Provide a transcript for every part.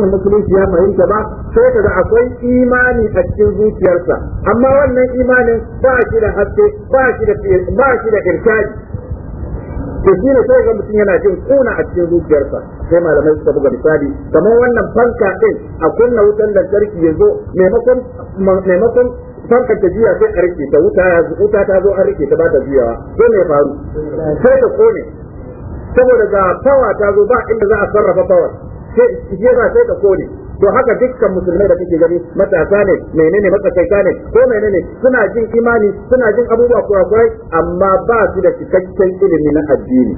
addinin musulunci ya fahimta ba sai ga akwai imani a cikin zuciyarsa amma wannan imanin ba shi da haske ba shi da ba shi da irshadi to shi ne sai ga mutum yana jin kuna a cikin zuciyarsa sai malamai suka buga misali kamar wannan fanka din a kunna wutan lantarki ya zo maimakon maimakon fankar ta jiya sai a rike ta wuta ta zo an rike ta ba ta juyawa sai me faru sai ta kone saboda ga fawa ta zo ba inda za a sarrafa fawar sai sai ka kone to haka dukkan musulmai da kake gani matasa ne menene matsakaita ne ko menene suna jin imani suna jin abubuwa kurakurai amma ba su da cikakken ilimi na addini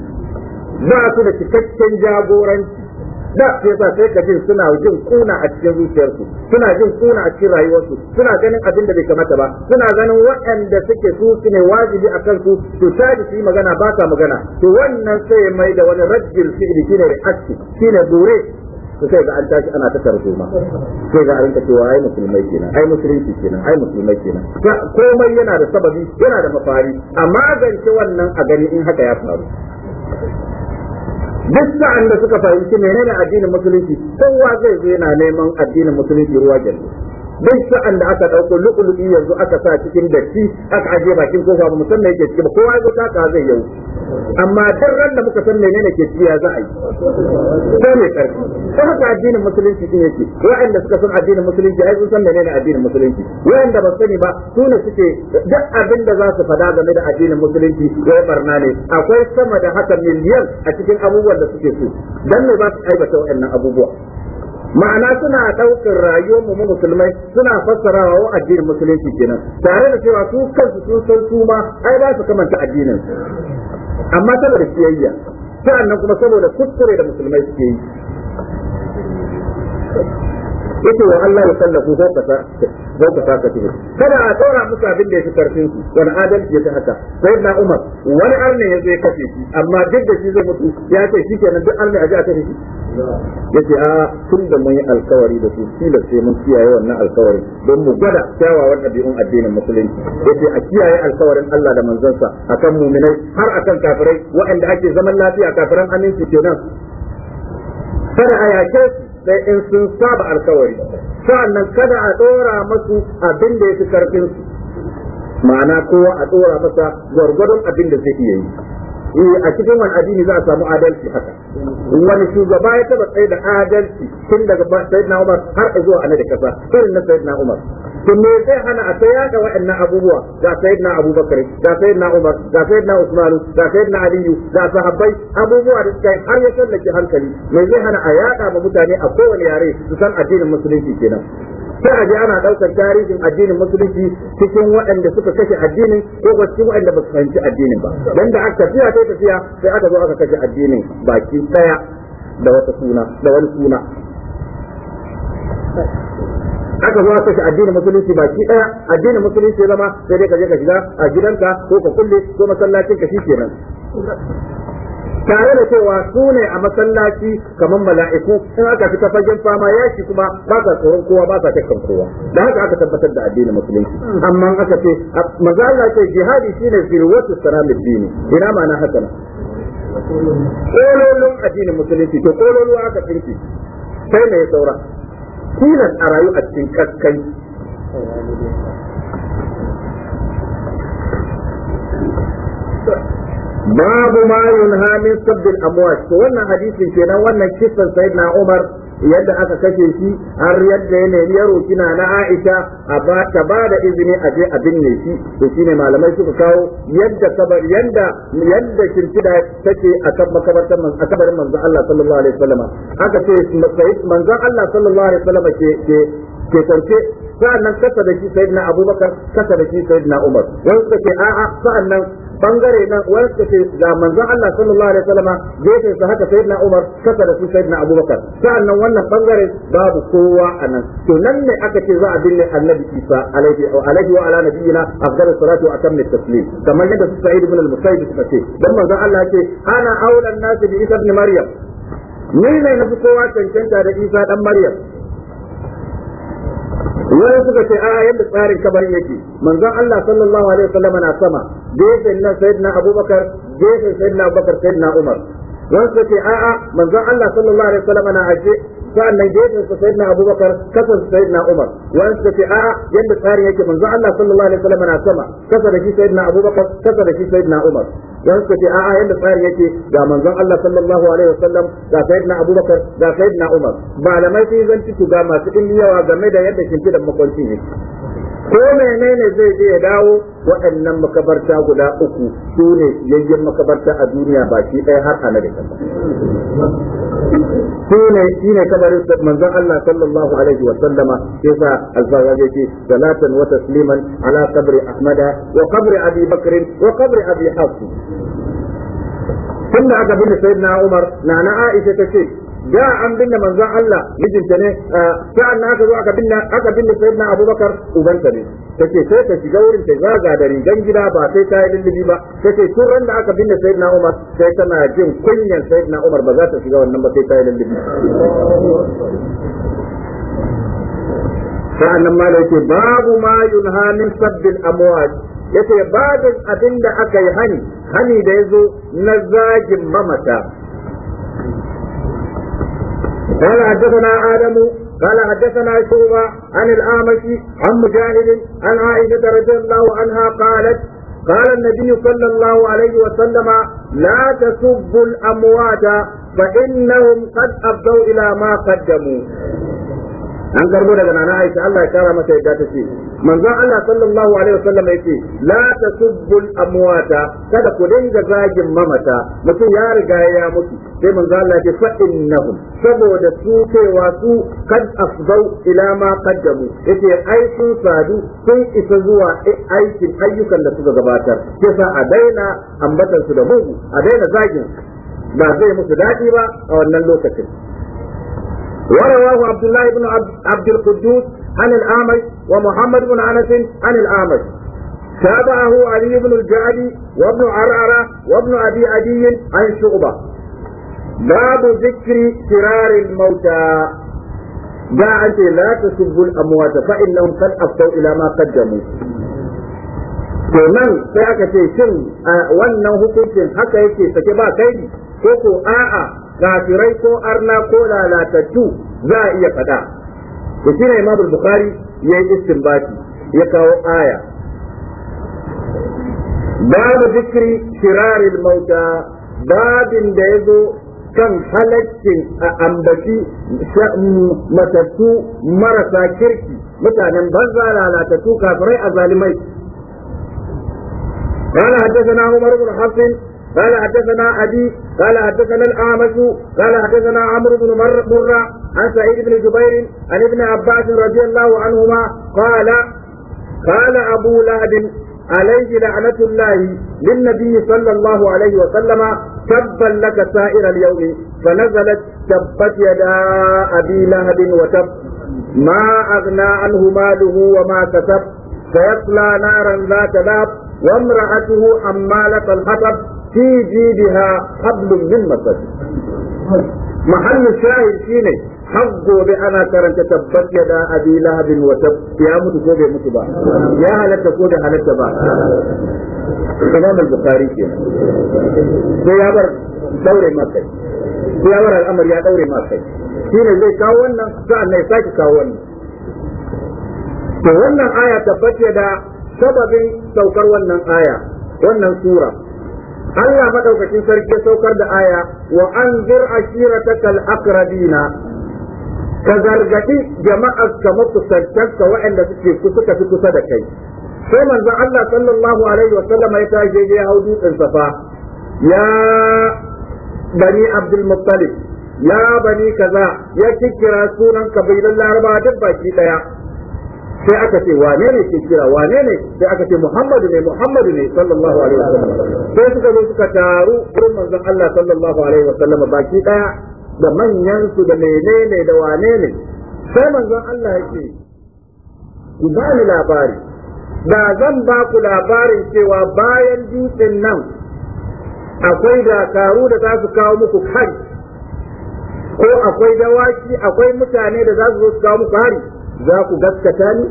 ba su da cikakken jagoranci da su yasa sai ka jin suna jin kuna a cikin zuciyarsu suna jin kuna a cikin rayuwarsu suna ganin abin da bai kamata ba suna ganin waɗanda suke su ne wajibi a kansu to sai su yi magana ba sa magana to wannan sai mai da wani rajjil fi'li shine ne shine bure to sai ga an tashi ana ta ma sai ga an ta cewa ai musulmai kenan ai musulunci kenan ai musulmai kenan komai yana da sababi yana da mafari amma gance wannan a gani in haka ya faru duk sa'an da suka fahimci menene addinin musulunci kowa zai zo yana neman addinin musulunci ruwa gelle duk sa'an da aka dauko lu'ulu'i yanzu aka sa cikin datti aka aje bakin kofa ba musamman yake ciki ba kowa ya zo zai yau amma duk ran da muka san menene ke ciya za a yi sai mai karfi ta haka addinin musulunci din yake wa'anda suka san addinin musulunci ai sun san menene addinin musulunci wa'anda ba sani ba su ne suke duk abin da za su fada game da addinin musulunci ya barna ne akwai sama da haka miliyan a cikin abubuwan da suke so dan ne ba su aibata wa'annan abubuwa ma'ana suna ɗaukar rayuwar mu musulmai suna fassarawa wa addinin musulunci kenan tare da cewa su kansu sun san su ma ai ba su kamanta addinin amma saboda kiyayya sa'annan kuma saboda kuskure da musulmai suke yi yace wa Allah ya sallaku ko ka ko ka saka kada a tsora musu abin da yake karfin su wani adalci yake haka sai na Umar wani arne ya zai kafe shi amma duk da shi zai mutu ya ce shi kenan duk arne a ji a kafe shi yace a tun da mun yi alkawari da su kila sai mun kiyaye wannan alkawari don mu gwada kyawawan ɗabi'un addinin musulunci yace a kiyaye alkawarin Allah da manzansa akan muminai har akan kafirai waɗanda ake zaman lafiya kafiran aminci kenan kada a yake su sai in sun saba alkawari sa'annan kada a dora masu abin da yake karfin su ma'ana kowa a dora masa gwargwadon abin da zai iya yi eh, a cikin wani addini za a samu adalci haka wani shugaba ya taba tsaye da adalci tun daga sayyidina Umar har zuwa annabi kasa irin na sayyidina Umar to me zai hana a tsaya da waɗannan abubuwa ga sayyidina Abubakar ga sayyidina Umar ga sayyidina Usman ga sayyidina Ali ga sahabbai abubuwa da suka har ya sallake hankali me zai hana a yada wa mutane a kowane yare su san addinin musulunci kenan sai a je ana ɗaukar tarihin addinin musulunci cikin waɗanda suka kashe addinin ko ba cikin waɗanda ba su fahimci addinin ba dan da aka tafiya sai tafiya sai aka zo aka kashe addinin baki daya da wata suna da wani suna aka zo aka shi addinin musulunci ba baki daya addinin musulunci ya zama sai dai ka je ka shiga a gidanka ko ka kulle ko masallacin ka shi kenan tare da cewa su ne a masallaci kamar mala'iku in aka fita fagen fama yashi kuma ba ka tsoron kowa ba ka shakkan kowa da haka aka tabbatar da addinin musulunci amma aka ce maza ce jihadi shine zirwatu salamin dini ina ma'ana haka kololun addinin musulunci to kololuwa aka kirki sai mai saura tilas a rayu a cikin kaskai babu ma yunha min sabbil amwat to wannan hadisin kenan wannan kisan sayyidina Umar yadda aka kashe shi har yadda ya nemi ya roki na na Aisha a ba ta ba da izini a je a binne shi to shine malamai suka kawo yadda kabar yadda yadda shirkida take a kan makabartar man a kabarin manzon Allah sallallahu alaihi wasallam aka ce manzon Allah sallallahu alaihi wasallam ke ke ke kwance sa'annan kasa da shi sayyidina Abubakar kasa da shi sayyidina Umar wani suka ce a'a sa'annan bangare nan wani suka ga manzon Allah sallallahu alaihi wasallam gefen sa haka sayyidina Umar kasa da su sayyidina Abubakar sa'annan wannan bangare babu kowa anan to nan ne aka ce za a binne Annabi Isa alaihi wa wa ala nabiyina afdalus salatu wa atammu taslim kamar yadda su Sa'id ibn al-Musayyib suka ce dan manzon Allah ce ana aulan nasi bi Isa ibn Maryam ni ne na fi kowa cancanta da Isa dan Maryam wani suka ce a'a yadda tsarin kabarin yake manzon Allah sallallahu alaihi wasallam na sama gefen na sayyidina Abubakar gefen sayyidina Abubakar sayyidina Umar wani suka ce a'a manzon Allah sallallahu alaihi wasallam na aje sa'annan gefen sa sayyidina abubakar kasan sayyidina umar wani suka ce a'a yanda tsarin yake manzo Allah sallallahu alaihi wasallam na sama kasa da shi sayyidina abubakar kasa da shi sayyidina umar wani suka ce a'a yanda tsarin yake ga manzon Allah sallallahu alaihi wasallam ga sayyidina abubakar ga sayyidina umar malamai sun zanci su ga masu dinni game da yadda shimfidan makwancin yake ko menene zai je ya dawo waɗannan makabarta guda uku su ne yayyen makabarta a duniya baki ɗaya har amerika su ne shi ne kabarin manzon Allah sallallahu alaihi wa sallama yasa alfaza ya ce salatan wa tasliman ala qabri ahmada wa qabri abi bakr wa qabri abi hafs tunda aka bin sayyidina umar na na aisha tace da an binne manzon Allah mijinta ne sa'an nan aka zo aka binne aka binne sayyidina Abubakar ubanta ne sai ta shiga wurin ta zaga da rigan gida ba sai ta yi lullubi ba tace tun ran da aka binne sayyidina Umar sai tana jin kunyan sayyidina Umar ba za ta shiga wannan ba sai ta yi lullubi sa'an nan ma babu ma yunha min sabbil amwat yace babin abin da aka yi hani hani da yazo na zagin mamata قال حدثنا آدم قال حدثنا شعبة عن الأعمش عن مجاهد عن عائشة رضي الله عنها قالت قال النبي صلى الله عليه وسلم لا تسبوا الأموات فإنهم قد أفضوا إلى ما قدموا an garbo daga nana aisha Allah ya kara mata yadda ta ce manzon Allah sallallahu alaihi wasallam ya ce la tasubbul amwata kada ku dinga zagin mamata mutum ya riga ya mutu sai manzon Allah ya ce fa innahum saboda su cewa su kad afdau ila ma qaddamu yace ai sun sadu sun isa zuwa aikin ayyukan da suka gabatar Kisa a daina ambatan su da mugu a daina zagin ba zai musu daɗi ba a wannan lokacin ورواه عبد الله بن عبد القدوس عن الأعمش ومحمد بن أنس عن الأعمش تابعه علي بن الجعد وابن عرعرة وابن أبي عدي عن شعبة باب ذكر فرار الموتى جاء أنت لا تسبوا الأموات فإنهم قد أفضوا إلى ما قدموا kenan sai aka ce shin wannan hukuncin haka yake sake ba kai ko ko a'a kafirai ko arna ko lalatattu za a iya faɗa to ne Imam Bukhari ya yi istinbati ya kawo aya babu zikri shiraril mauta babin da ya zo kan halaccin a ambaci matattu marasa kirki mutanen banza lalatattu kafirai a zalimai قال حدثنا عمر بن حفص قال حدثنا أبي قال حدثنا الأعمش قال حدثنا عمرو بن مر مرة عن سعيد بن جبير عن ابن عباس رضي الله عنهما قال قال أبو لهب عليه لعنة الله للنبي صلى الله عليه وسلم تبا لك سائر اليوم فنزلت تبت يدا أبي لهب وتب ما أغنى عنه ماله وما كسب سيصلى نارا ذات لهب وامرأته حمالة الحطب في جيدها حبل من مسد محل الشاهد شيني har gobe ana karanta tabbat ya da abi lahabin wa ya mutu ko bai mutu ba ya halatta ko bai halatta ba Imam al-Bukhari ke sai ya bar ya bar al'amari ya daure makai shine zai kawo wannan sa'an ne sake kawo wannan to wannan aya tabbat ya da sababin saukar wannan aya wannan sura Allah madaukakin sarki saukar da aya wa anzir ashiratakal aqrabina ka gargadi jama'ar ka makusantarka waɗanda suke suka fi kusa da kai sai manzon Allah sallallahu alaihi wa sallama ya tashi ya hau dutsen safa ya bani Abdul Muttalib ya bani kaza ya kikkira sunan kabilan Laraba duk baki daya sai aka ce wane ne ke kira wane ne sai aka ce Muhammadu ne Muhammadu ne sallallahu alaihi wa sallam sai suka zo suka taru gurin manzon Allah sallallahu alaihi wa sallam baki daya da manyan su da menene da wane ne sai manzon Allah yake ku ba ni labari da zan ba ku labarin cewa bayan dutsen nan akwai dakaru da za su kawo muku hari ko akwai dawaki akwai mutane da za su zo su kawo muku hari za ku gaskata ni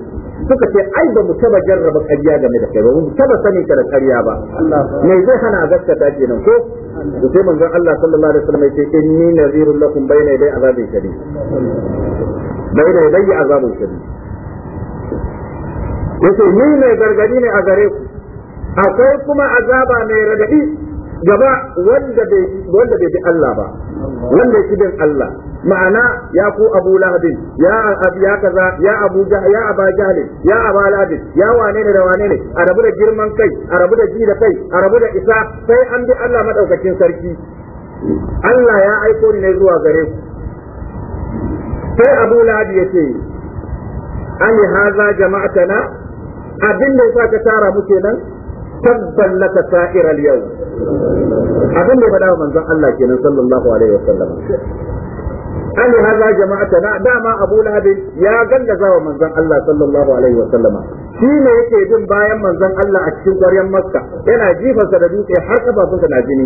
suka ce ai ba mu taba jarraba ƙarya game da kai ba mu taba sani ka da ƙarya ba me zai hana a gaskata kenan ko to sai manzon Allah sallallahu alaihi wasallam ya ce inni nazirun lakum bayna yaday azabin shadid bayna yaday azabin shadid yace ni mai gargadi ne a gare ku akwai kuma azaba mai radadi gaba wanda bai wanda bai bi Allah ba wanda yake bin Allah ma'ana ya ku abu lahabin ya abi ya kaza ya abu ya aba jahil ya aba lahabin ya wane ne da wane ne a rabu da girman kai a rabu da ji da kai a rabu da isa sai an bi Allah madaukakin sarki Allah ya aiko ni ne zuwa gare ku sai abu lahabi ya ce ani haza jama'atana abin da yasa ka tara mu kenan tabban laka sa'iral yau abin da ya faɗa wa manzon Allah kenan sallallahu alaihi wasallam قال jama'a جماعتنا dama Abu لهب ya قد زاو من زن الله صلى الله عليه وسلم شين يكي بن bayan من Allah a cikin قرية Makka, yana jifa sa da dutse har kafafun sa na jini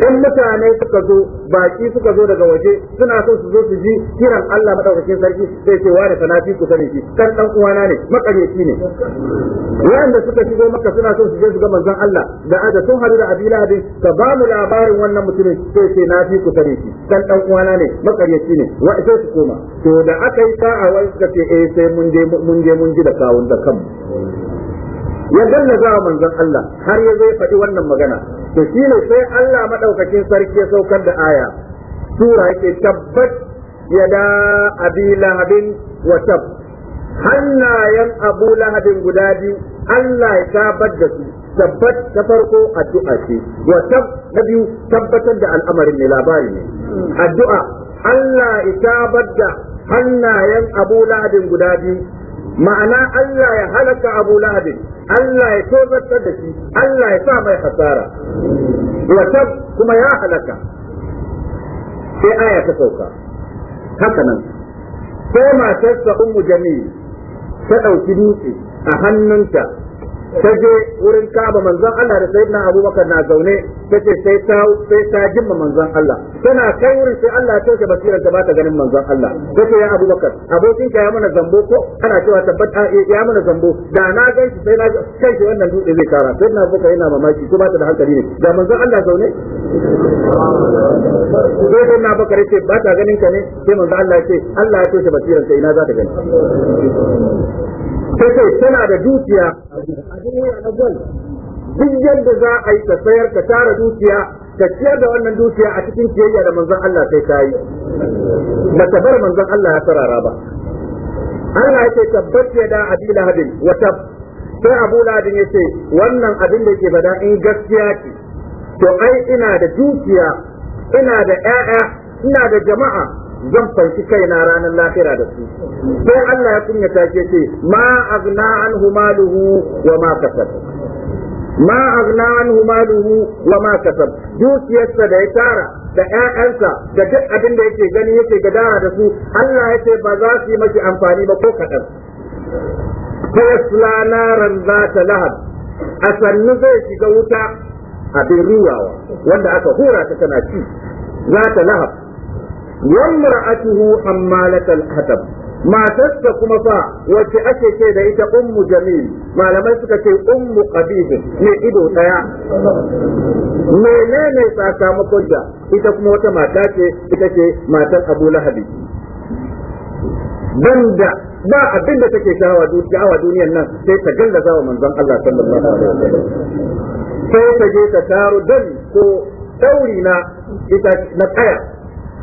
dan mutane suka zo baki suka zo daga waje suna so su zo su ji kiran Allah madaukakin sarki sai ce wani sana fi ku sani shi kan dan uwana ne makareci ne wanda suka shigo Makka suna so su je su ga manzon Allah da aja sun hadu da Abi Lahab ka ba mu labarin wannan mutumin sai ce na fi ku sani shi kan dan uwana ne makareci shi ne wa sai su koma to da aka yi sa'a wai suka ce eh sai mun je mun je mun ji da kawun da kanmu ya gallaza wa manzon Allah har ya zai faɗi wannan magana to shi ne sai Allah madaukakin sarki ya saukar da aya sura yake tabbat da abi lahabin wa tab hannayen abu lahabin guda biyu Allah ya tabbat da su tabbat ta farko addu'a ce wa tab na biyu tabbatar da al'amarin ne labari ne addu'a Allah itabar da hannayen Abu Lahabin guda biyu ma'ana Allah ya halaka Abu Lahabin Allah ya tozartar da shi Allah ya sa mai hasara wa kuma ya halaka sai aya ta sauka haka nan sai matarsa ummu jami'i ta ɗauki dutse a hannunta ta je wurin kaba manzon Allah da sayyidina Abubakar na zaune tace sai ta sai ta jimma manzon Allah tana kai wurin sai Allah ya toke basirar ta bata ganin manzon Allah tace ya Abubakar abokin ka ya mana zambo ko ana cewa tabbata eh, ya mana zambo da na ganshi sai na kai shi wannan dutse zai kara sayyidina Abubakar yana mamaki ko bata da hankali ne da manzon Allah zaune sai sayyidina Abubakar yace bata ganin ka ne sai manzon Allah ce Allah ya toshe basiran sai ina za ta gani sai tana da dukiya abin wuya na gwal duk yadda za a yi ka sayar ka tara dukiya ka ciyar da wannan dukiya a cikin ciyayya da manzon Allah sai ka yi ba bar manzon Allah ya sarara ba Allah ya ce tabbat ya da abi lahabin wa sai abu lahabin ya ce wannan abin da yake bada in gaskiya ce to ai ina da dukiya ina da ƴaƴa ina da jama'a zan fanci kaina ranar lafira da su ko Allah ya kunyata ke ce ma aghna anhu maluhu wa ma kasab ma aghna anhu maluhu wa ma kasab dukiyarsa da ya tara da ƴaƴansa da duk abin da yake gani yake gadara da su Allah ya ce ba za su yi maki amfani ba ko kaɗan za ta lahab, a sannu zai shiga wuta abin ruwawa wanda aka hura ta tana ci za ta lahab وامرأته حمالة الحطب matarsa kuma fa wacce ake ce da ita ummu jamil malamai suka ce ummu qabih ne ido daya menene sakamakon da ita kuma wata mata ce ita ce matar abu lahabi banda ba abin da take sha'awa duniyar nan sai ta gallaza wa manzon Allah sallallahu alaihi sai ta je ta taro dan ko dauri na ita na kaya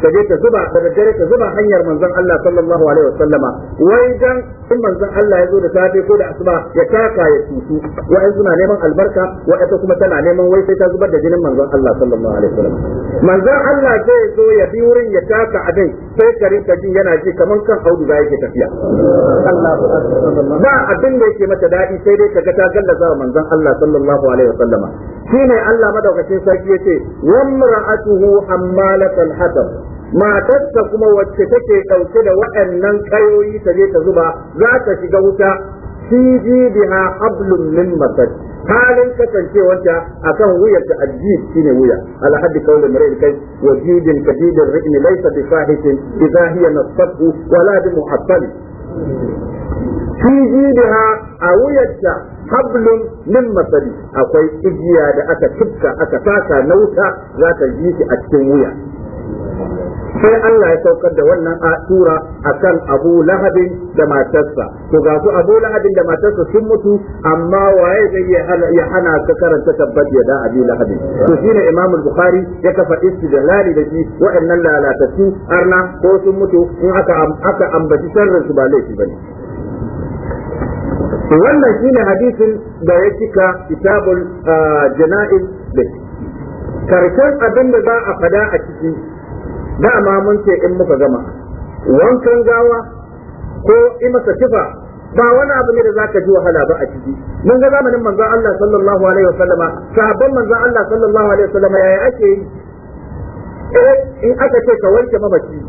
ka je ka zuba da daddare ta zuba hanyar manzon Allah sallallahu alaihi wasallama wai dan in manzon Allah ya zo da safe ko da asuba ya taka ya tutu wa'an suna neman albarka wa'ata kuma tana neman wai sai ta zubar da jinin manzon Allah sallallahu alaihi wasallam manzon Allah zai zo ya bi wurin ya taka abin sai ka rinka ji yana ji kaman kan Audu da yake tafiya Allahu akbar ba abin da yake mata dadi sai dai kaga ta gallaza manzon Allah sallallahu alaihi wasallama shine Allah madaukakin sarki yace wa mar'atuhu hammalatul hatab matarsa kuma wacce take ɗauke da waɗannan ƙayoyi ta je ta zuba za ta shiga wuta fi biha hablun min masad halin kasancewarta akan wuyar ta shine wuya ala haddi qawli kai wa jidin kadidin ri'ni laysa bi fahishin idha hiya nasbu wala bi muhattal a wuyarta hablun min masadi akwai igiya da aka tufka aka tasa na wuta za ta ji shi a cikin wuya sai Allah ya saukar da wannan tura kan Abu Lahabin da matarsa to ga su Abu Lahabin da matarsa sun mutu amma waye zai ya hana ka karanta tabbat ya da Abu Lahabin to shine Imam Bukhari ya kafa istidlali da shi wa'annan lalatattu arna ko sun mutu in aka aka ambaci sharrin su ba laifi bane wannan shine hadisin da ya cika kitabul ah, jana'iz da karshen abin da za a fada a ciki dama mun ce in muka gama wankan gawa ko in masa kifa ba wani abu ne da zaka ji wahala ba a ciki mun ga zamanin manzon Allah sallallahu alaihi wasallam sahabban manzon Allah sallallahu alaihi wasallam yaya ake yi eh, in aka ce ka wanke mamaci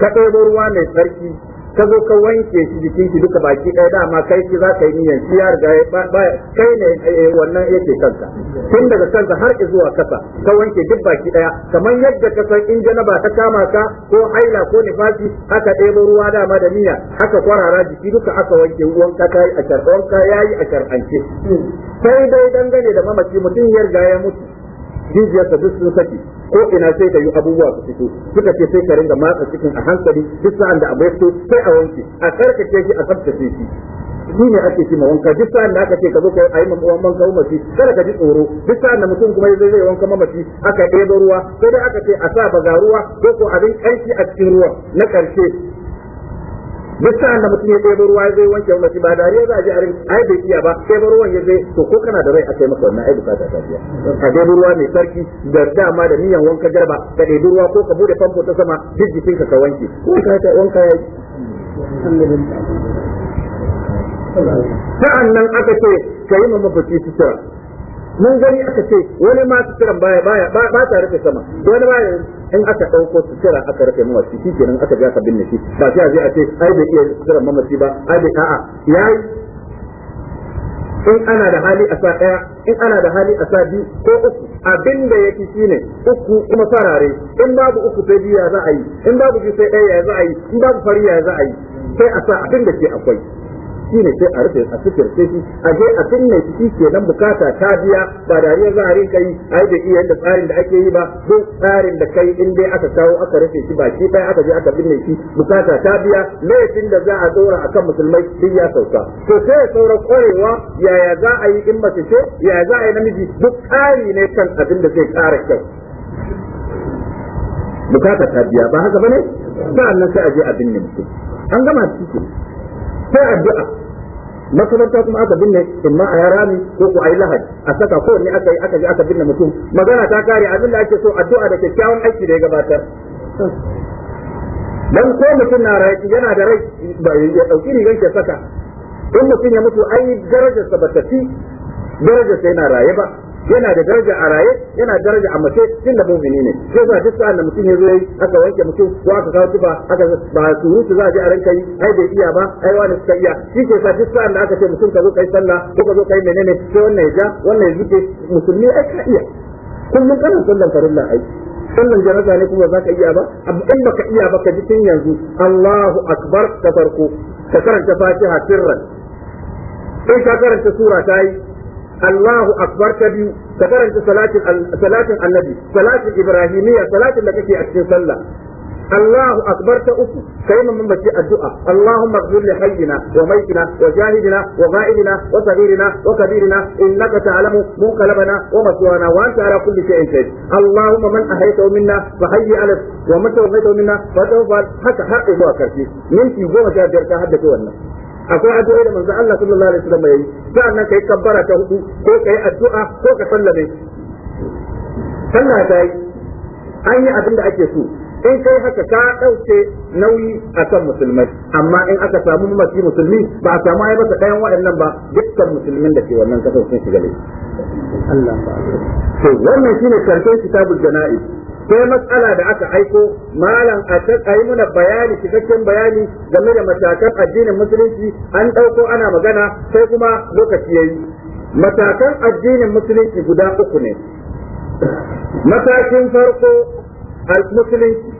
ka ɗebo ruwa mai tsarki ka zo ka wanke shi jikin shi duka baki ɗaya dama kai shi za ka yi niyan shi ya riga kai ne eh, wannan yake kanka tun daga kanka har zuwa kasa ka wanke duk baki ɗaya kamar yadda ka san in janaba ta kama ka ko haila ko nifasi haka ɗebo ruwa dama da niyya haka kwarara jiki duka aka wanke wanka ta yi a shar'anci sai dai dangane da mamaci mutum ya riga ya mutu jijiyarsa duk sun saki ko ina sai ka yi abubuwa su fito suka ce sai ka ringa matsa cikin a hankali duk sa'an da abu ya fito sai a wanke a karkace shi a tsaftace shi shi ne ake shi wanka duk sa'an da aka ce ka zo ka ayi wanka mamaci kada ka ji tsoro duk sa'an da mutum kuma zai zai wanka mamaci aka ɗebo ruwa sai dai aka ce a sa baga ruwa ko ko abin ƙarfi a cikin ruwa na ƙarshe duk da mutum ya ɗebo ruwa zai wanke shi ba dariya za a ji a rin bai iya ba sai ba ruwan ya zai to ko kana da rai a kai maka wannan ai bukata ta biya ka ɗebo ruwa mai sarki da dama da niyan wanka jarba ka ɗebi ruwa ko ka bude famfo ta sama duk jikin ka ka wanke ko ka ta wanka ya yi sa'an nan aka ce ka yi ma mafaci sutura mun gani aka ce wani ma suturan baya baya ba ta rufe sama wani baya in aka ɗauko kira aka rufe mamaci shi kenan aka ga ka binne ba sai a je a ce ai bai iya suturan mamaci ba ai bai a'a yayi in ana da hali a sa ɗaya in ana da hali a sa biyu ko uku abin da ya fi shine uku kuma farare in babu uku sai biyu ya za a yi in babu biyu sai ɗaya ya za a yi in babu fari ya za a yi sai a sa abin da ke akwai shine sai a rufe a sukirce shi a je a binne shi ke nan bukata ta biya ba dariyar za a rinka yi ai da iya da tsarin da ake yi ba duk tsarin da kai in dai aka kawo aka rufe shi ba shi aka je aka binne shi bukata ta biya laifin da za a dora akan musulmai duk ya sauka to sai ya saura kwarewa yaya za a yi in mace ce yaya za a yi namiji duk tsari ne kan abin da zai ƙara kyau bukata ta biya ba haka bane sa'an sai a je a binne mutum an gama ciki sai addu'a makaranta kuma aka binne in a yara ko ku a yi lahadi a saka ko ne aka yi aka ji aka binne mutum magana ta kare abin da ake so addu'a da kyakkyawan aiki da ya gabatar dan ko mutum na rai yana da rai ba ya dauki rigan ke saka in mutum ya mutu ai darajarsa ba ta fi darajarsa yana raye ba yana da daraja a raye yana daraja a mace tun da mu'mini ne sai za duk sa'an da mutum ya zo aka wanke mutum ko aka kawo tufa aka ba surutu za a je a ranka yi ai bai iya ba ai wani suka iya shi ke sa duk sa'an da aka ce mutum ka zo kai sallah ko ka zo kai menene sai wannan ya ja wannan ya zuke musulmi ai ka iya kullum kana sallan farilla ai sallan janaza ne kuma za ka iya ba in ka iya ba ka ji tun yanzu Allahu akbar ta farko ka karanta fatiha sirran sai ka karanta sura ta yi Allahu akbar biyu ka karanta salatin salatin annabi salatin ibrahimiyya salatin da kake a cikin sallah Allahu akbar ta uku kai mun mambaci addu'a Allahumma ighfir li hayyina wa maitina wa jahidina wa ghaibina wa saghirina wa kabirina innaka ta'lamu munqalabana wa maswana wa anta ala kulli shay'in qadir Allahumma man ahayta minna fa hayyi ala wa man tawaffaita minna fa tawaffa haka har zuwa karshe minti goma sha biyar ta haddace wannan akwai addu'a da manzo Allah sallallahu alaihi wasallam yayi sa'annan kai kabbara ta hudu ko kai addu'a ko ka sallame sallah ta yi an yi abin da ake so in kai haka ka dauke nauyi a kan musulmai amma in aka samu mamaci musulmi ba a samu ai ka ɗayan waɗannan ba dukkan musulmin da ke wannan kasar sun shiga ne. Allah ba. To wannan shine karshen kitabul jana'i sai matsala da aka aiko malam a kai muna bayani cikakken bayani game da matakan addinin musulunci an ɗauko ana magana sai kuma lokaci yayi matakan addinin musulunci guda uku ne matakin farko al musulunci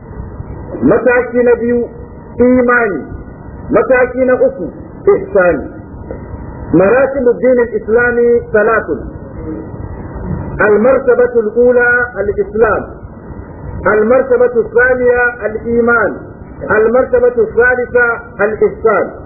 mataki na biyu imani mataki na uku ihsani مراتب الدين الإسلامي ثلاث المرتبة الأولى الإسلام المرتبة الثانية الإيمان المرتبة الثالثة الإحسان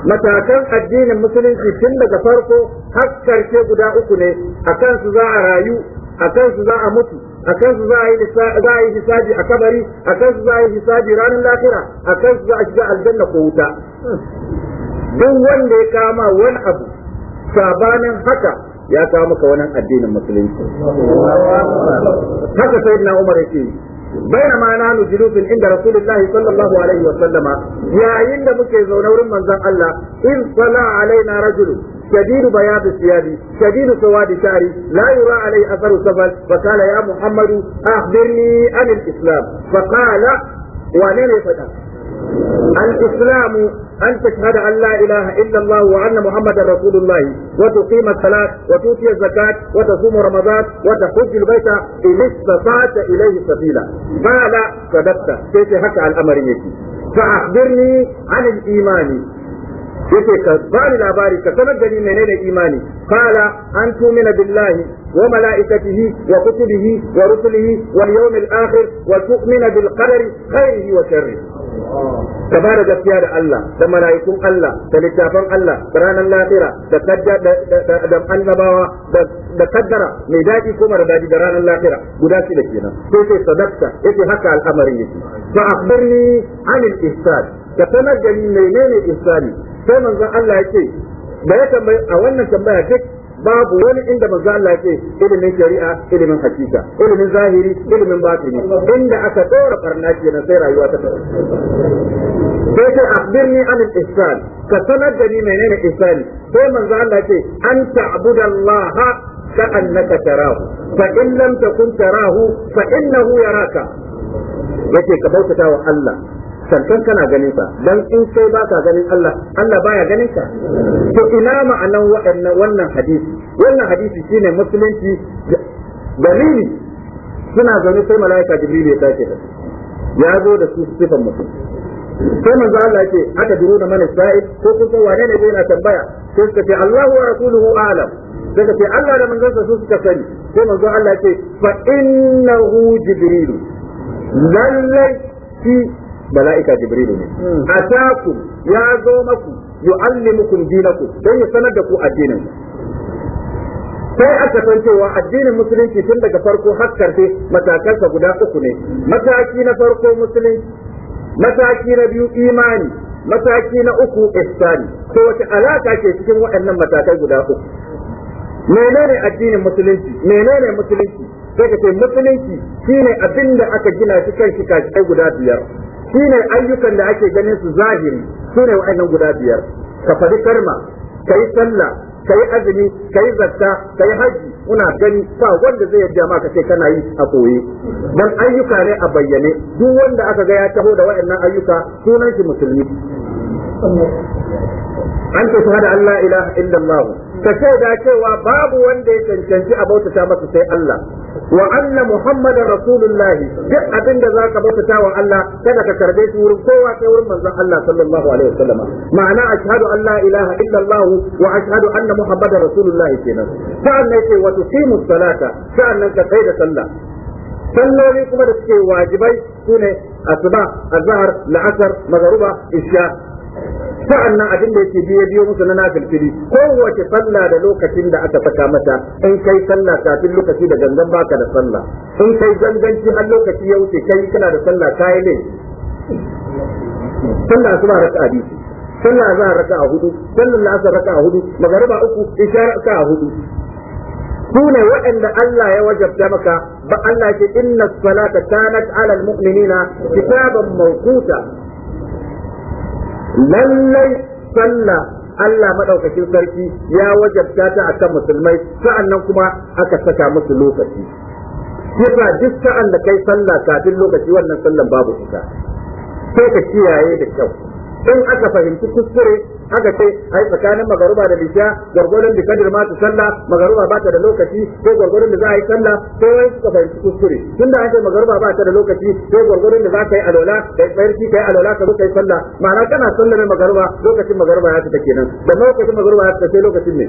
matakan addinin musulunci tun daga farko har karshe guda uku ne a za a rayu a za a mutu a za a yi hisabi a kabari a za a yi hisabi ranar lafiya a kansu za a shiga aljanna ko wuta duk wanda ya kama wani abu sabanan haka ya kawo maka wani addinin musulunci haka sai na umar yake بينما نحن جلوس عند رسول الله صلى الله عليه وسلم يا عند بك زونور من ذا الله إذ صلى علينا رجل شديد بياض الثياب شديد سواد شعري لا يرى عليه أثر سفر فقال يا محمد أخبرني عن الإسلام فقال wane ne faɗa الإسلام أن تشهد أن لا إله إلا الله وأن محمدا رسول الله وتقيم الصلاة وتؤتي الزكاة وتصوم رمضان وتحج البيت إن استطعت إليه سبيلا قال صدقت كيف هكا الأمر يجي فأخبرني عن الإيمان yake ka ni labari ka sanar da ni menene imani qala an tu'mina billahi wa malaikatihi wa kutubihi wa rusulihi wal yawmil akhir wa tu'mina bil qadari khairihi wa sharrihi ka ba da gaskiya da Allah da mala'ikun Allah da littafan Allah da ranar lafira da da annabawa da kaddara mai daɗi ko mara daɗi da ranar lafira guda shi da kenan sai sai sadakta yace haka al'amarin yake fa akhbirni anil ihsan ka sanar da ni menene ihsani sai manzon Allah yake da ya tambayi a wannan tambaya duk babu wani inda manzo Allah ce ilimin shari'a ilimin hakika ilimin zahiri ilimin batini inda aka tsora barna kenan sai rayuwa ta sai sai akhbirni an al-ihsan ka sanar da ni menene ihsani sai manzo Allah ce an ta'budallaha ka annaka tarahu fa in lam takun tarahu fa innahu yaraka yake ka bautata wa Allah tantan kana ganin sa dan in sai baka ganin Allah Allah baya ganin ka to ina ma'anan waɗannan wannan hadisi wannan hadisi shine musulunci dalili suna zaune sai malaika jibril ya tace da ya zo da su sifan mutum sai manzo Allah yake aka duro da mana sa'id ko kun san wane ne zai na tambaya sai suka ce Allahu wa rasuluhu a'lam sai suka ce Allah da manzon sa su suka sani sai manzo Allah yake fa innahu jibril lallai shi mala'ika jibrilu ne hmm. atakum ya zo maku yu'allimukum dinaku don ya sanar da ku addinin sai aka san cewa addinin musulunci tun daga farko har karshe matakansa guda uku ne mataki na farko musulunci mataki na biyu imani mataki na uku ihsani to wace alaka ke cikin waɗannan matakai guda uku menene addinin musulunci menene musulunci sai ka ce musulunci shine abin da aka gina shi kan shi guda biyar shine ayyukan da ake ganin su zahiri sune wa'annan guda biyar ka faɗi karma kai sallah kai azumi kai zakka kai haji muna gani ba wanda zai yarda ka ce kana yi a koyi dan ayyuka ne a bayyane duk wanda aka ga ya taho da wa'annan ayyuka sunan shi musulmi an ce shahada Allah ilaha illallah ka shaida cewa babu wanda ya cancanci a bautata masa sai Allah wa anna Muhammadan rasulullahi duk abin da zaka bautata wa Allah kada ka karbe shi wurin kowa sai wurin manzon Allah sallallahu alaihi wasallam ma'ana ashhadu an la ilaha allah wa ashhadu anna Muhammadan rasulullahi kenan sa'an ne ce wa tuqimu salata sa'an nan ka kai da sallah salloli kuma da suke wajibai sune asuba azhar la'asar magruba isha sa'an nan abin da yake biye biyo musu na nafilfili kowace sallah da lokacin da aka saka mata in kai sallah kafin lokaci da gangan baka da sallah in kai ganganci har lokaci ya wuce kai kana da sallah kayi ne sallah su ba raka'a biyu sallah za a raka'a hudu sallah la'asar raka'a hudu magariba uku in isha raka'a hudu su ne waɗanda Allah ya wajabta maka ba Allah ce inna salata kanat alal mu'minina kitaban mawquta lallai sallah Allah madaukakin sarki ya wajabta ta akan musulmai sa'annan kuma aka saka musu lokaci yasa duk sa'an da kai sallah kafin lokaci wannan sallan babu ita sai ka kiyaye da kyau in aka fahimci kuskure aka ce ai tsakanin magaruba da lisha gwargwadon da kadir ma su sallah magaruba ba ta da lokaci ko gwargwadon da za a yi sallah ko wai suka fahimci kuskure tunda an ce magaruba ba ta da lokaci ko gwargwadon da za ka yi alola da tsayarci ka yi alola ka zo ka yi sallah ma'ana kana sallah mai magaruba lokacin magaruba ya ta kenan da lokacin magaruba ya ta sai lokacin ne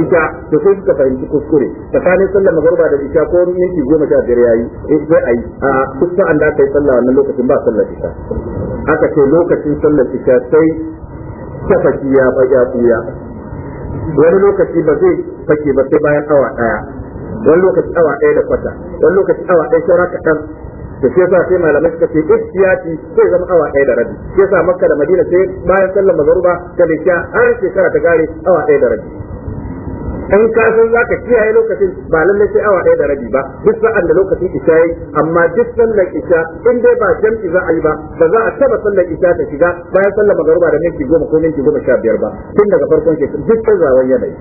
isha to sai suka fahimci kuskure tsakanin sallah magaruba da isha ko minti goma sha biyar yayi eh, sai yi a duk an da aka yi sallah wannan lokacin ba sallah isha aka ce lokacin sallar isha sai tafaki ya ya tsiya wani lokaci ba zai fake ba sai bayan awa daya wani lokaci awa daya da kwata wani lokaci awa daya saura kaɗan da shi yasa sai malamai suka ce ihtiyati sai zama awa ɗaya da rabi shi yasa makka da madina sai bayan sallar magruba ta da har shekara ta gare awa ɗaya da rabi an ka za ka kiyaye lokacin ba lallai sai awa ɗaya da rabi ba duk sa'an da lokacin isha yi amma duk sallar isha in dai ba jam'i za a yi ba ba za a taba sallar isha ta shiga bayan sallar magaruba da minti goma ko minti goma sha biyar ba tun daga farkon shekaru duk canzawan yanayi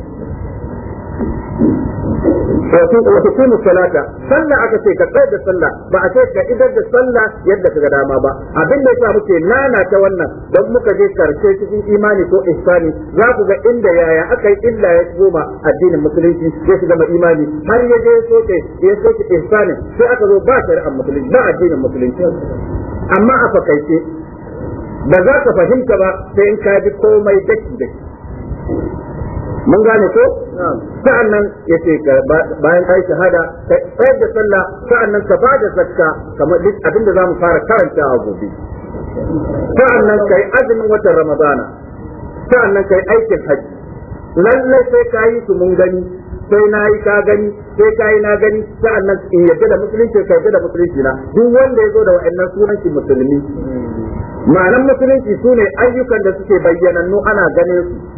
wato wa tukumu salata sallah aka ce ka tsaya da sallah ba a ce ka idar da sallah yadda kaga dama ba abin da yasa muke nana ta wannan don muka je karshe cikin imani ko ihsani za ku ga inda yaya aka yi illa ya zo addinin musulunci ya shiga ma imani har ya je so ke ya so ke sai aka zo ba shari'ar musulunci ba addinin musulunci amma a fakaice ba za ka fahimta ba sai in kabi komai daki daki mun gane ko sa'an nan ya ce bayan yi shahada ka tsayar da sallah sa'an nan ka bada zakka kamar duk abinda za mu fara karanta a gobe sa'an nan ka yi azumin watan ramadana sa'an nan ka yi aikin hajji lallai sai ka yi su mun gani sai na yi ka gani sai ka yi na gani sa'an nan in yadda da musulunci ka yadda da musulunci na duk wanda ya zo da wa'annan sunan shi musulmi hmm. ma'anan musulunci su ne ayyukan da suke bayyanannu ana ganin su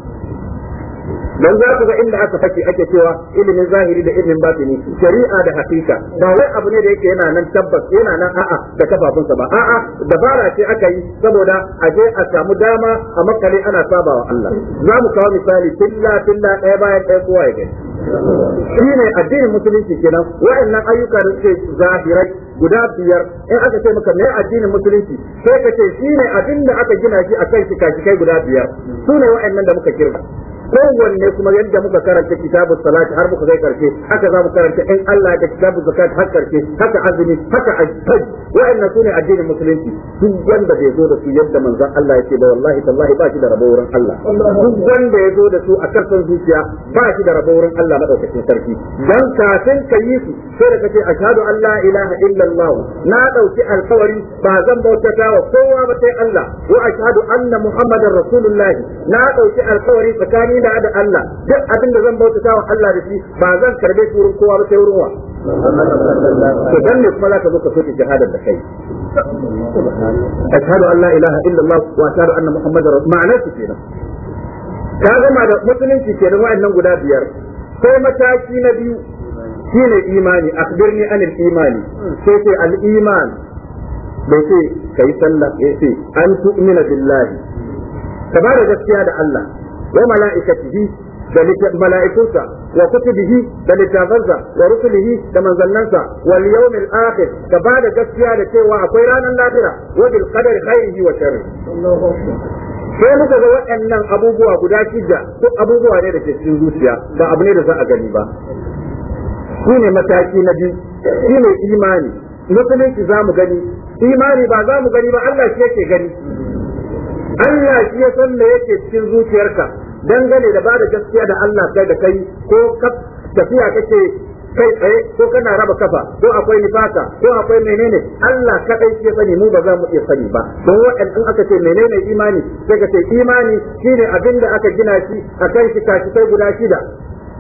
dan za ku ga inda aka fake ake cewa ilimin zahiri da ilimin batini shari'a da hakika ba wai abu ne da yake yana nan tabbas yana nan a'a da kafafunsa ba a'a dabara ce aka yi saboda a je a samu dama a makale ana sabawa Allah za mu kawo misali tilla tilla ɗaya bayan ɗaya kowa ya gani shi ne addinin musulunci kenan waɗannan ayyuka da suke zahirai guda biyar in aka ce maka me addinin musulunci sai ka ce shi ne abin da aka gina shi akan shi kashi kai guda biyar su ne waɗannan da muka kirga kowanne kuma yadda muka karanta kitabu salati har muka kai karshe haka za mu karanta in Allah da kitabu zakat har karshe haka azumi haka ajjaj wa'annan sune addinin musulunci duk wanda bai zo da su yadda manzon Allah yake ba wallahi tallahi ba shi da rabo wurin Allah duk wanda ya zo da su a karfin zuciya ba shi da rabo wurin Allah madaukakin sarki dan kafin ka yi su sai da kace ashhadu an la ilaha illallah na dauki alkawari ba zan bautata wa kowa ba sai Allah wa ashhadu anna muhammadar rasulullahi na dauki alkawari tsakanin ni da da Allah duk abin da zan bautata wa Allah da shi ba zan karbe shi wurin kowa ba sai wurin wa to dan ne kuma zaka ka soke jihadar da kai ashhadu an la ilaha illa Allah wa ashhadu anna muhammadar rasul ma'ana su kenan ka zama da musulunci kenan wa'annan guda biyar sai mataki na biyu shine imani akhbirni anil imani sai sai al iman bai ce yi sallah ya ce an tu'mina billahi ka ba da gaskiya da Allah wa mala'ikatihi da mala'ikunsa wa kutubihi da littafansa wa rusulihi da manzannansa wal yawmil akhir ka ba gaskiya da cewa akwai ranar lahira wa bil qadari khairihi wa sharri sai muka ga waɗannan abubuwa guda shida ko abubuwa ne da ke cikin zuciya ba abu ne da za a gani ba ne mataki na biyu shine imani musulunci za mu gani imani ba za mu gani ba Allah shi yake gani Allah shi ya san me yake cikin zuciyarka dangane da ba da gaskiya da Allah kai da kai ko tafiya kake kai tsaye ko kana raba kafa ko akwai nifaka ko akwai menene Allah kadai ya sani mu ba za mu iya sani ba don waɗannan aka ce menene imani sai ka ce imani shine abin da aka gina shi akan shi kashi guda shida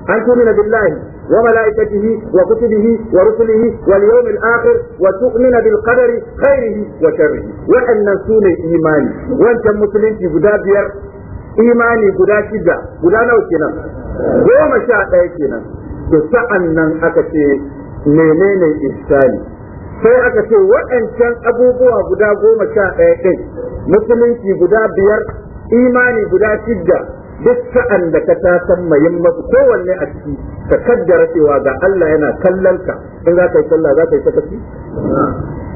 أن تؤمن بالله وملائكته وكتبه ورسله واليوم الآخر وتؤمن بالقدر خيره وشره وأن نسون إيماني وأنت مسلم في بدابير إيماني قدا شدة قدا نو كنا يوم شاء كنا تسألنا أكتي منين إحساني sai aka ce waɗancan abubuwa guda goma sha ɗaya ɗin musulunci guda biyar imani guda shidda duk sa'an da ka tasan mayin masu kowanne a ciki ka kaddara cewa ga Allah yana kallon ka in za ka yi sallah za ka yi sakaci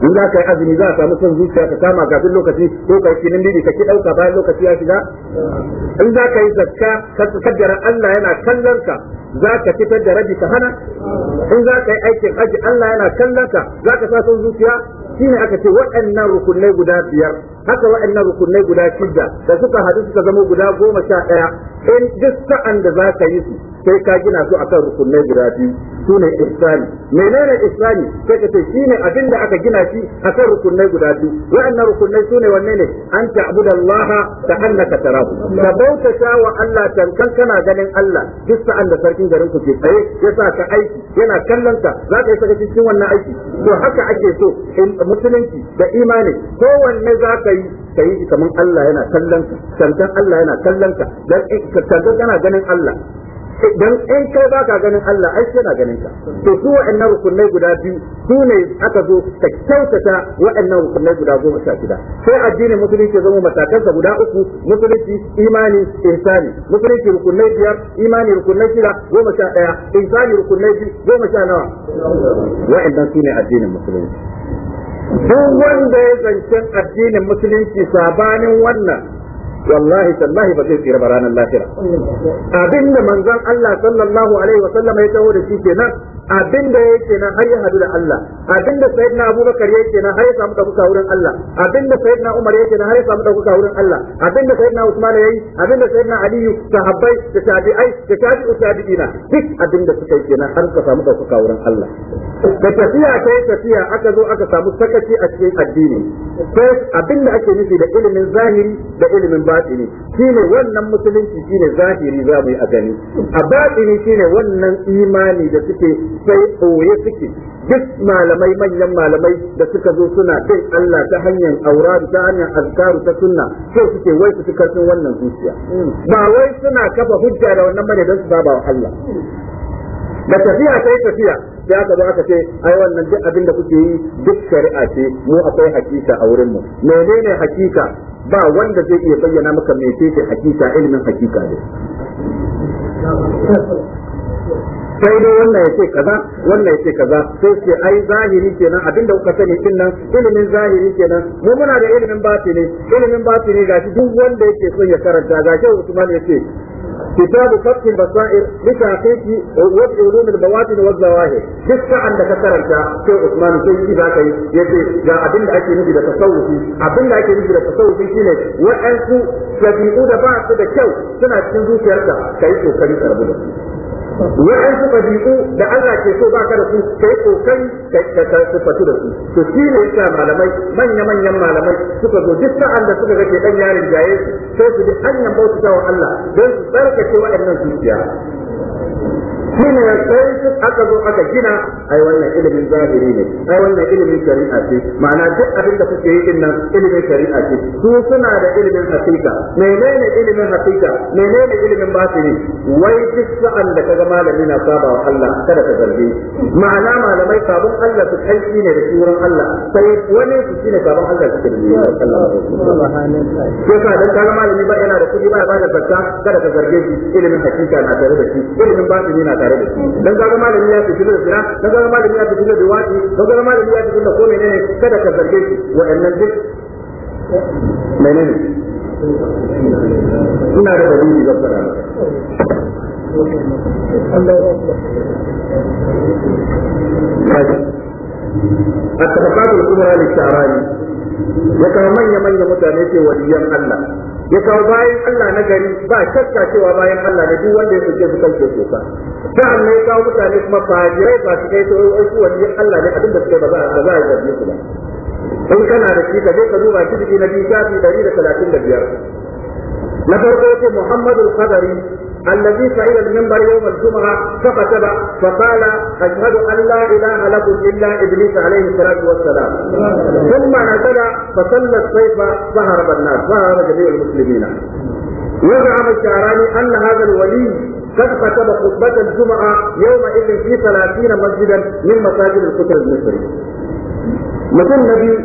in za ka yi azumi za a samu son zuciya ka kama kafin lokaci ko ka yi bibi ka ki dauka bayan lokaci ya shiga in za ka yi zakka ka kaddara Allah yana kallon ka za ka fitar da rabi ka hana in za ka yi aikin aji Allah yana kallon ka za ka sa son zuciya shine aka ce waɗannan rukunai guda biyar haka wa'annan rukunai guda shida da suka hadu suka zama guda goma sha ɗaya in duk sa'an da za ka yi su sai ka gina su akan rukunai guda biyu su ne islami menene islami sai ka ce shine abin da aka gina shi akan rukunai guda biyu wa'annan rukunai su ne wanne ne an ta'budallaha ta annaka tarahu ka bautata wa Allah tankan kana ganin Allah duk sa'an da sarkin garin ku ke tsaye ya sa ka aiki yana kallon ka za ka yi saka cikin wannan aiki to haka ake so musulunci da imani kowanne za ka kai kai kaman Allah yana kallon ka kankan Allah yana kallon ka dan kankan kana ganin Allah dan in kai ba ka ganin Allah ai yana ganin ka to su wa'annan rukunai guda biyu su ne aka zo ka kyautata wa'annan rukunai guda goma sha shida sai addinin musulunci zama matakansa guda uku musulunci imani insani musulunci rukunai biyar imani rukunai shida goma sha ɗaya insani rukunai biyu goma sha nawa wa'annan su ne addinin musulunci duk wanda ya zancen addinin musulunci sabanin wannan wallahi sallahi ba zai tsira ba ranar lafiya abinda manzon Allah sallallahu alaihi sallama ya taho da shi kenan abin da yake na har ya hadu da Allah abin da sayyidina Abubakar yake na har ya samu dauka wurin Allah abin da sayyidina Umar yake na har ya samu dauka wurin Allah abin da sayyidina Usman yayi abin da sayyidina Ali sahabbai da tabi'ai da tabi'u tabi'ina duk abin da suka yi ke na har ka samu dauka wurin Allah da tafiya kai tafiya aka zo aka samu sakaci a cikin addini sai abin da ake nufi da ilimin zahiri da ilimin batini shine wannan musulunci shine zahiri za mu yi a gani a batini shine wannan imani da suke sai ɓoye suke duk malamai manyan malamai da suka zo suna bin Allah ta hanyar aura ta hanyar azkaru ta sunna sai suke wai su karfin wannan zuciya ba wai suna kafa hujja da wannan bane don su saba wa Allah da tafiya sai tafiya sai aka zo aka ce ai wannan duk abin da kuke yi duk shari'a ce mu akwai hakika a wurin mu menene hakika ba wanda zai iya bayyana maka mece ce hakika ilimin hakika ne sai dai wannan yace kaza wannan yace kaza sai ce ai zahiri kenan abinda kuka sani din nan ilimin zahiri kenan mu muna da ilimin batini ilimin batini gashi duk wanda yake son ya karanta gashi Usman yace Kitabu فتح البصائر لتحقيق وضع علوم البواطن والظواهر duk sa'an da ka karanta sai Usman sai shi za yace ga abin da ake nufi da tasawufi abin da ake nufi da tasawufi shine wa'ansu dabi'u da ba su da kyau suna cikin zuciyarka kai kokari ka da su wa'ansu ɗabi'u da Allah ke so baka da su kai kokari ka fatu da su to shi ne yasa malamai manya manyan malamai suka zo duk sa'an da suka rage dan yarin jaye sai su bi hanyar bautawa Allah don su tsarkake wa'annan zuciya shi ne sai aka zo aka gina ai wannan ilimin zahiri ne ai wannan ilimin shari'a ce ma'ana duk abin da kuke yi nan ilimin shari'a ce su suna da ilimin hakika menene ilimin hakika menene ilimin batini wai duk sa'an da kaga malami na saba wa Allah kada ka zarge ma'ana malamai sabon Allah su kai shi ne da suran Allah sai wani su ne sabon Allah su kai ko ka dan malami ba yana da kudi ba ba da zakka kada ka zarge shi ilimin hakika na tare da shi ilimin batini na tare da shi dan ga malami ya tafi da zina dan ga malami ya tafi da duwati dan ga malami ya tafi da ko menene kada ka zarge shi Wa wa'annan duk menene ina da dalili ga fara الطبقات الكبرى للشعراني وكان من يمن متى وليا الله ya kawo bayan Allah na gari ba shakka cewa bayan Allah na duk wanda ya soke su kan teku ka sa'an ya kawo mutane kuma fajirai ba su kai to ai wani Allah ne abinda suke ba za a ba za a su ba in kana da shi ka je ka duba kitabi na biyu shafi biyar. na farko ce Muhammadu Qadari الذي صعد المنبر يوم الجمعة فكتب فقال أشهد أن لا إله لكم إلا إبليس عليه الصلاة والسلام ثم نزل فصلى الصيف فهرب الناس فهرب جميع المسلمين وزعم الشعراني أن هذا الولي قد كتب خطبة الجمعة يومئذ في ثلاثين مسجدا من مساجد القطر المصري mutum na biyu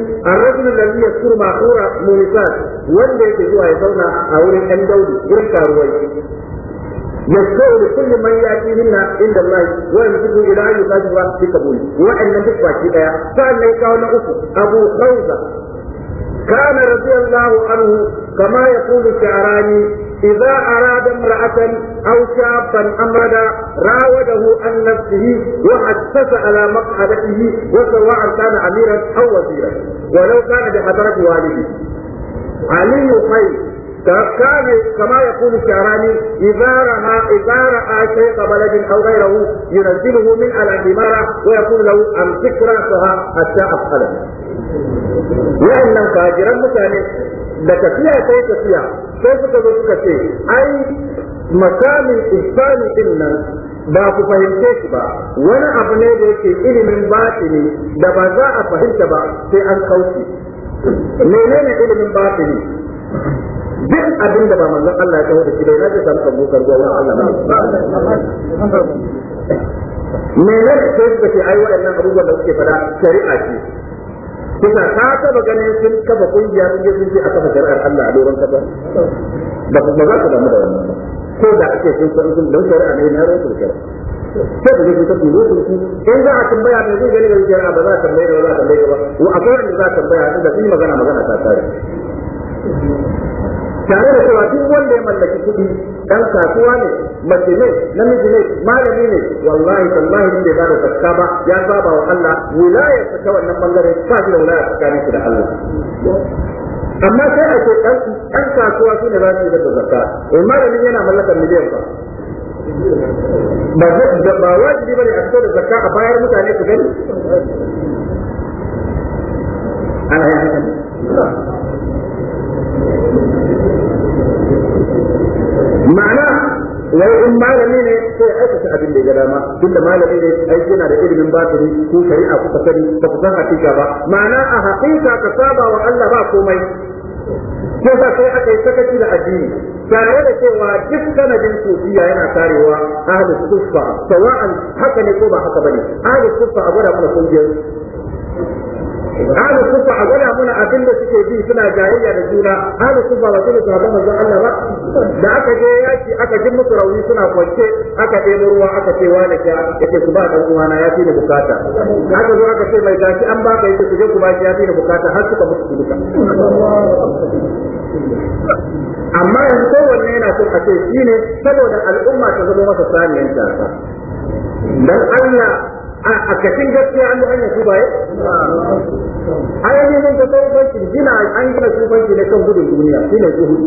الذي يذكر ya surma kura munisat wanda yake zuwa ya zauna a wurin ɗan daudu wurin يستور كل من ياتيهن عند الله ويمسكه الى ان يصادف في قبوله وان لم في ديا فان يكون أبو خوزة كان رضي الله عنه كما يقول الشعراني إذا أراد امرأة أو شابا أمردا راوده عن نفسه وحسس على مقعدته وسواء كان أميرا أو وزيرا ولو كان بحضرة والده علي خير كان كما يقول الشعراني إذا رأى إذا رأى شيخ بلد أو غيره ينزله من على الإمارة ويقول له أمسك رأسها حتى أفعله لأن فاجرا مكانه da tafiya sai tafiya sai suka zo suka ce ai makamin ihsani din nan ba ku fahimce shi ba wani abu ne da yake ilimin batini da ba za a fahimta ba sai an kauce menene ilimin batini duk abin da ba manzon Allah ya kawo da shi dai na ce samu kabukar ruwa wa Allah me ne sai suka ce ai waɗannan abubuwan da suke fada shari'a ce kuka ka taba ganin sun kafa kungiya sun je sun ce a kafa shari'ar Allah a doron kafa ba ba za ka damu da wannan ba ko da ake sun san sun da shari'a ne na rawar shari'a sai da yake yi lokacin in za a tambaya mai zai gani da shari'a ba za a tambaya ba za a tambaya ba akwai wanda za a tambaya da su magana magana ta tare tare da cewa duk wanda ya mallaki kuɗi ɗan kasuwa ne mace ne namiji ne malami ne wallahi wallahi ne ba da zakka ba ya saba wa Allah wilaya ta ta wannan bangare ba shi da wilaya tsakanin su da Allah amma sai a ce dan kasuwa shi ne za su da zakka eh malami yana mallakar miliyan ba ba wajibi bane fito da zakka a bayar mutane su gani wai in malami ne sai aikata abin da ya dama duk da malami ne aiki yana da ilimin batini ko shari'a kuka sani ba ku san hakika ba ma'ana a hakika ka saba wa Allah ba komai ko sa sai aka yi sakaci da addini tare da cewa duk sanadin sufiya yana karewa ahli siffa sawa'an haka ne ko ba haka bane ahli sufa a gwada mana kungiyar ahlu sufa a gwada mana abin da suke bi suna jayayya da juna ahlu sufa ba su ne sahabban manzon Allah ba da aka je yaki aka jin musu rauni suna kwance aka ɗebo ruwa aka ce wani ka yake su ba dan uwana ya fi da bukata aka zo aka ce mai gashi an baka yake su je ku ba shi ya fi da bukata har suka mutu duka amma yanzu kowanne yana son a ce shi ne saboda al'umma ta zama masa saniyar jasa dan Allah a kashin gaskiya an an su baye ai ne mun ga kai banki gina an gina su banki ne kan gudun duniya shine zuhudu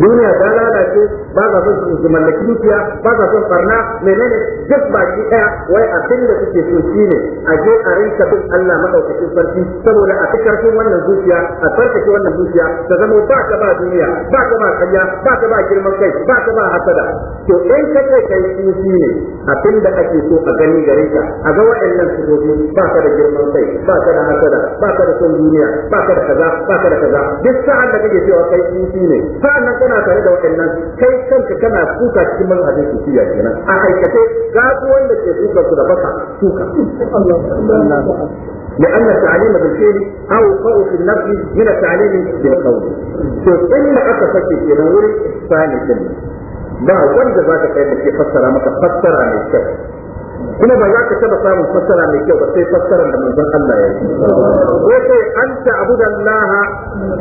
duniya ta lalace ba za son su mallaki dukiya ba za son farna menene duk baki ɗaya wai abin da suke so ne a je a rinka bin Allah madaukakin sarki saboda a fi wannan zuciya a tsarkake wannan zuciya ta zama ba ka ba duniya ba ka ba kanya ba ka ba girman kai ba ka ba hasada to in ka kai kai shi ne abin da ake so a gani gare ka a ga wa'annan sufofi ba ka da girman kai ba ka da hasada ba ka da son duniya ba ka da kaza ba ka da kaza duk sa'an da kake cewa kai shi ne sa'an tana tare da waɗannan kai kanka kana suka cikin man hadin su siya ke nan a haikace ga tuwon ke suka su da baka suka ya an na ta'alima da ke hau kawo fi nafi yana ta'alima da ke kawo so sun yi aka sake ke nan wuri sani ne ba wanda za ka kai da ke fassara maka fassara mai kyau kuma ba za ka taba samun fassara mai kyau ba sai fassara da manzon Allah ya yi ko sai da abudallaha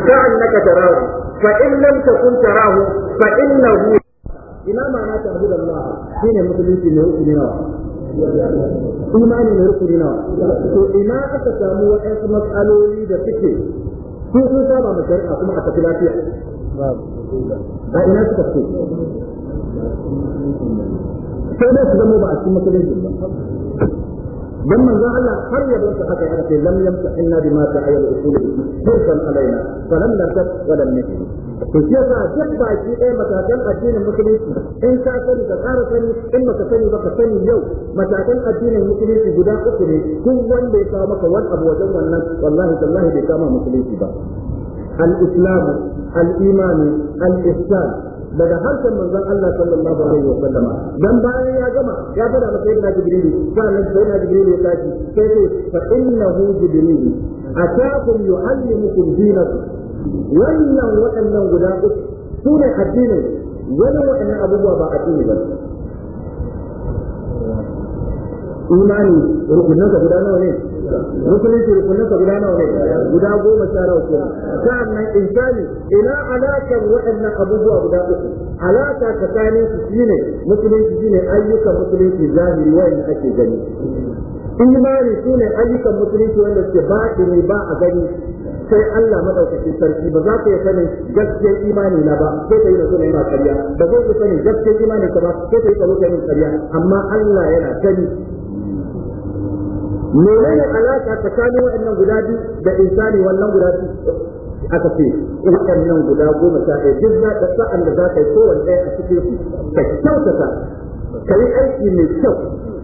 ka annaka tarahu fa in lam takun tarahu fa innahu ina ma na ta'budallaha shine musulunci ne hukumi nawa imani ne rukuni nawa to ina aka samu waɗansu matsaloli da suke su sun saba da shari'a kuma a tafi lafiya Ba ina suka ce sai dai su zama ba a cikin musulunci ba dan manzo Allah har ya dauka haka ya ce lam yamsa inna bima ta'ayyana usul sirran alaina falam nartab wa lam nahdi to shi yasa duk baki ɗaya matakan addinin musulunci in ka sani ka ƙara sani in baka sani ka sani yau matakan addinin musulunci guda uku ne duk wanda ya kawo maka wani abu wajen wannan wallahi tallahi bai kama musulunci ba al islam al-imanu al-ihsan daga harshen manzon Allah sallallahu alaihi wa sallama dan bayan ya gama ya fada masa sayyidina jibril sannan sayyidina jibril ya tashi sai ce fa innahu jibril atakum yuallimukum dinakum wannan waɗannan guda uku su ne addinin wani waɗannan abubuwa ba addini ba imani rukunin ka guda nawa ne musulunci rukunansa guda nawa ne guda goma sha nawa ke sa'annan insani ina alaƙar waɗannan abubuwa guda uku alaƙa tsakanin su shine musulunci shine ayyukan musulunci zahiri wanda ake gani imani shine ayyukan musulunci wanda suke batini ba a gani sai Allah madaukakin sarki ba za ka yi sanin gaskiyar imani na ba sai ka yi da sunan yana karya ba zai ka sanin gaskiyar imani ka ba sai ka yi ka wuce karya amma Allah yana gani menene alaka tsakanin waɗannan guda biyu da insani wannan guda biyu aka ce nan guda goma sha ɗaya duk za ka an da za ka yi kowanne ɗaya a cikin su ka kyautata ka yi aiki mai kyau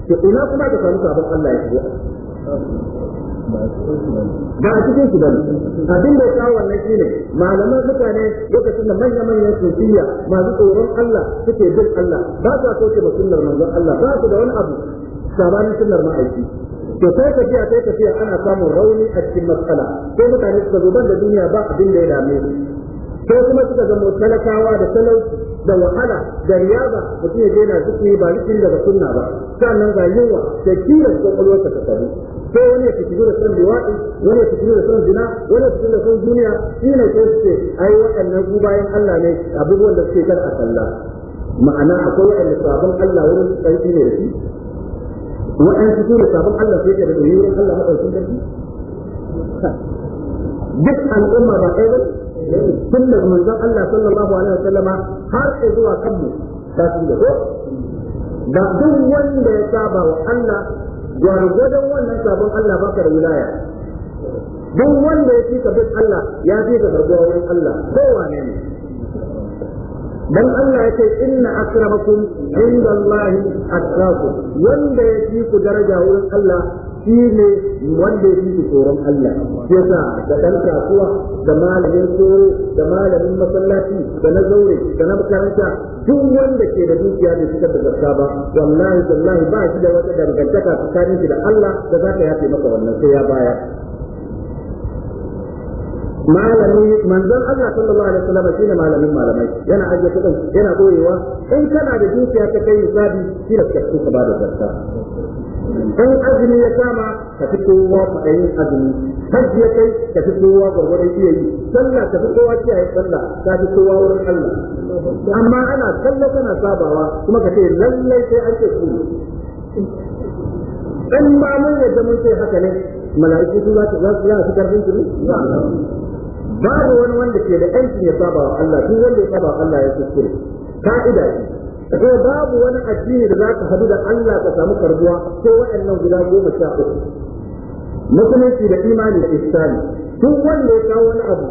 to ina kuma ka samu sabon Allah ya shigo ba a cikin su bane abin da ya kawo wannan shine malaman mutane lokacin da manya manyan sufiya masu tsoron Allah suke bin Allah ba sa kauce ma sunnar manzon Allah ba su da wani abu sabanin sunnar ma'aiki to sai tafiya sai tafiya ana samun rauni a cikin matsala sai mutane suka zo ban da duniya ba abin da ya dame su sai kuma suka zama talakawa da talauci da wahala da riyaba mutum ya daina zikiri ba zikirin daga sunna ba sannan ga yunwa da kiran da kwakwalwarsa ta sai wani ya fitilu da son biwaɗi wani ya fitilu da son zina wani ya fitilu da son duniya shi ne sai su ce ai waɗannan ku bayan Allah ne abubuwan da suke kar a sallah ma'ana akwai waɗanda sabon Allah wurin tsarki ne da shi waɗansu su ne sabon Allah sai ka da ɗoyi wurin Allah maɗaukin sarki duk al'umma ba ɗaya ba tun daga manzon Allah sallallahu alaihi wa sallama har sai zuwa kanmu ta su da ko da duk wanda ya saba wa Allah gwargwadon wannan sabon Allah baka da wilaya duk wanda ya fi ka bin Allah ya fi ka garbuwa Allah kowa ne ne dan Allah ya ce inna akramakum inda Allah wanda ya fi ku daraja wurin Allah shi ne wanda ya fi ku tsoron Allah yasa da dan kasuwa da malamin tsoro da malamin masallaci da na zaure da na makaranta duk wanda ke da dukiya da fitar da zakka ba wallahi wallahi ba shi da wata dangantaka tsakanin shi da Allah da zaka yafe maka wannan sai ya baya malami manzon Allah sallallahu alaihi wasallam shine malamin malamai yana ajiye kudin yana koyewa in kana da dukiya ta kai hisabi shi da kake ka bada zakka in azumi ya kama ka fi kowa faɗayin azumi hajji ya kai ka fi kowa gwargwadon iya yi sallah ka fi kowa kiyaye sallah ka fi kowa wurin Allah amma ana sallah kana sabawa kuma ka ce lallai sai an ce ku in ba mun yadda mun ce haka ne mala'iku su za su za su karfin su ne babu wani wanda ke da yanci ya saba wa Allah duk wanda ya saba Allah ya kuskure ka'ida ce ko babu wani addini da za ka hadu da Allah ka samu karbuwa sai waɗannan guda goma sha uku musulunci da imani da ihsani duk wanda ya kawo wani abu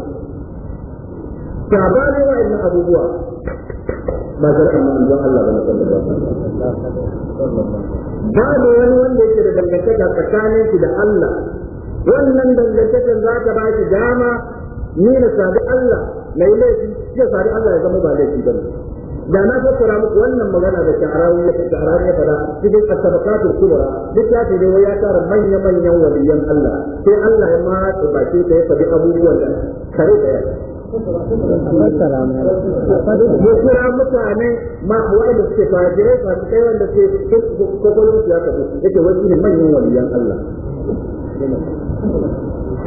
sabanin waɗannan abubuwa ba zar'an manzon Allah ba na sallallahu alaihi babu wani wanda yake da dangantaka tsakanin da Allah wannan dangantakan za ta ba shi dama ni na Allah mai yi laifi ya sadi Allah ya zama ba laifi ba da na fassara muku wannan magana da sha'arawi ya sha'arawi ya fada cikin asabaqatul kubra ya ce ya tara manya manyan waliyan Allah sai Allah ya matsa baki ta ya fadi abubuwan da kare da ya mu kira mutane ma wanda suke fajirai fa kai wanda suke kokolon su ya tafi yake wani ne manyan waliyan Allah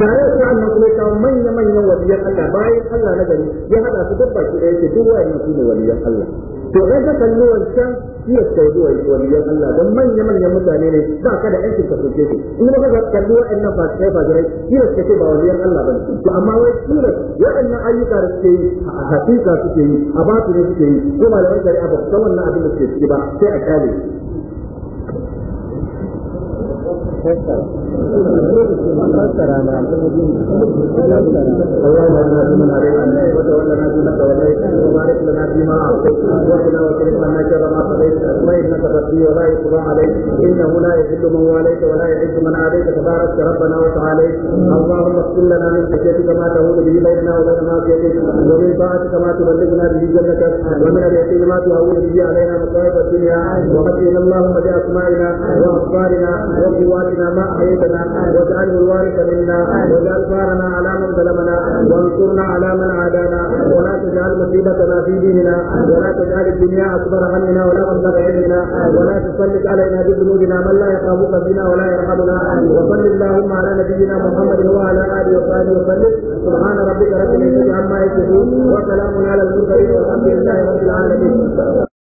tare da sa'an nan kuma ya manya-manyan waliyan Allah bayan Allah na gari ya haɗa su duk baki ɗaya ke duk wani su ne waliyan Allah to dan ka kalli wancan shi ya tsaye waliyan Allah don manya-manyan mutane ne ba ka da aikin ka soke su in ba ka kalli wa'annan fasikai fasikai shi ya tsaye ba waliyan Allah ba to amma wai sura wa'annan ayyuka da suke yi a hakika suke yi a su ne suke yi ko malaman a ba san wannan abin da suke ciki ba sai a فسرنا اللهم انا بمن هديت وتولنا بما توليت وبارك لنا فيما اعطيت وقنا واصرف عنا شر ما قضيت فانك تقضي ولا يقضى عليك انه لا يذل من واليت ولا يعز من عاديت تبارك ربنا وتعاليت اللهم اغفر لنا من خشيتك ما تهون به بيننا وبين معصيتك ومن طاعتك ما تبلغنا به جنتك ومن اليقين ما تهون به علينا مصائب الدنيا ومتعنا اللهم باسمائنا وابصارنا وقواتنا ما احييت رزقتنا واجعله الوارث منا واجعل ثارنا على من ظلمنا وانصرنا على من عادانا ولا تجعل مصيبتنا في ديننا ولا تجعل الدنيا اكبر همنا ولا مبلغ علمنا ولا تسلط علينا بذنوبنا من لا يخافك بنا ولا يرحمنا وصل اللهم على نبينا محمد وعلى اله وصحبه وسلم سبحان ربك رب العزه عما يصفون وسلام على المرسلين والحمد لله رب العالمين